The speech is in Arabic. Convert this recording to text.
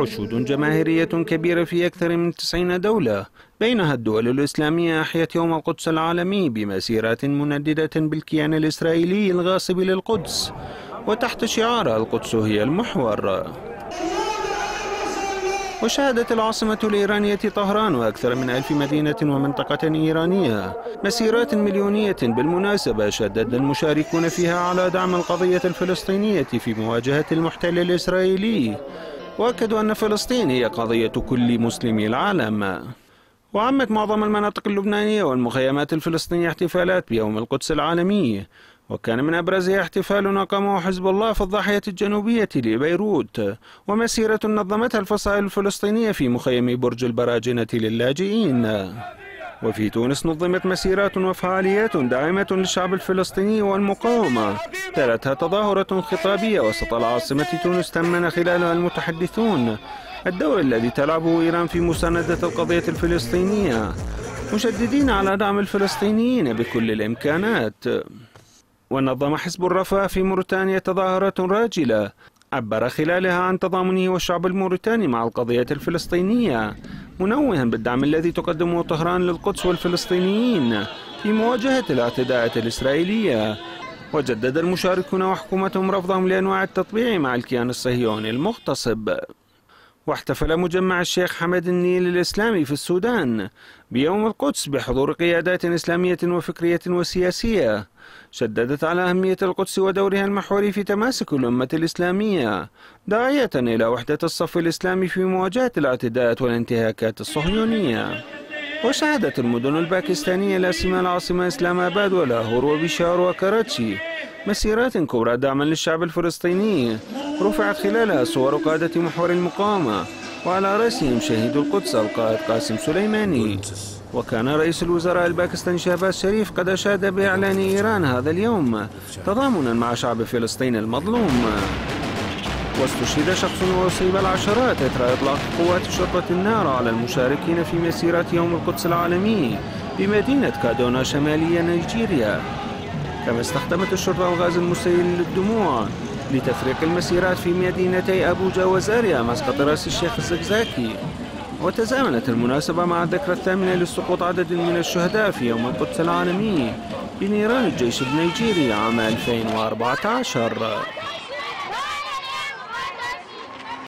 حشود جماهيرية كبيرة في أكثر من 90 دولة بينها الدول الإسلامية أحيت يوم القدس العالمي بمسيرات منددة بالكيان الإسرائيلي الغاصب للقدس وتحت شعار القدس هي المحور وشهدت العاصمة الإيرانية طهران وأكثر من ألف مدينة ومنطقة إيرانية مسيرات مليونية بالمناسبة شدد المشاركون فيها على دعم القضية الفلسطينية في مواجهة المحتل الإسرائيلي واكدوا أن فلسطين هي قضية كل مسلمي العالم وعمت معظم المناطق اللبنانية والمخيمات الفلسطينية احتفالات بيوم القدس العالمي وكان من أبرزها احتفال أقامه حزب الله في الضاحية الجنوبية لبيروت ومسيرة نظمتها الفصائل الفلسطينية في مخيم برج البراجنة للاجئين وفي تونس نظمت مسيرات وفعاليات داعمة للشعب الفلسطيني والمقاومة تلتها تظاهرة خطابية وسط العاصمة تونس تمن خلالها المتحدثون الدور الذي تلعبه إيران في مساندة القضية الفلسطينية مشددين على دعم الفلسطينيين بكل الإمكانات ونظم حزب الرفاه في موريتانيا تظاهرة راجلة عبر خلالها عن تضامنه والشعب الموريتاني مع القضية الفلسطينية منوها بالدعم الذي تقدمه طهران للقدس والفلسطينيين في مواجهة الاعتداءات الإسرائيلية وجدد المشاركون وحكومتهم رفضهم لأنواع التطبيع مع الكيان الصهيوني المغتصب واحتفل مجمع الشيخ حمد النيل الإسلامي في السودان بيوم القدس بحضور قيادات إسلامية وفكرية وسياسية شددت على أهمية القدس ودورها المحوري في تماسك الأمة الإسلامية داعية إلى وحدة الصف الإسلامي في مواجهة الاعتداءات والانتهاكات الصهيونية وشهدت المدن الباكستانية لا سيما العاصمة إسلام آباد ولاهور وبشار وكراتشي مسيرات كبرى دعما للشعب الفلسطيني رفعت خلالها صور قادة محور المقاومة وعلى رأسهم شهيد القدس القائد قاسم سليماني وكان رئيس الوزراء الباكستاني شهباز شريف قد أشاد بإعلان إيران هذا اليوم تضامنا مع شعب فلسطين المظلوم واستشهد شخص وأصيب العشرات إثر إطلاق قوات شرطة النار على المشاركين في مسيرة يوم القدس العالمي بمدينة كادونا شمالية نيجيريا كما استخدمت الشرطة الغاز المسيل للدموع لتفريق المسيرات في مدينتي أبوجا وزاريا مسقط رأس الشيخ الزكزاكي وتزامنت المناسبة مع الذكرى الثامنة لسقوط عدد من الشهداء في يوم القدس العالمي بنيران الجيش النيجيري عام 2014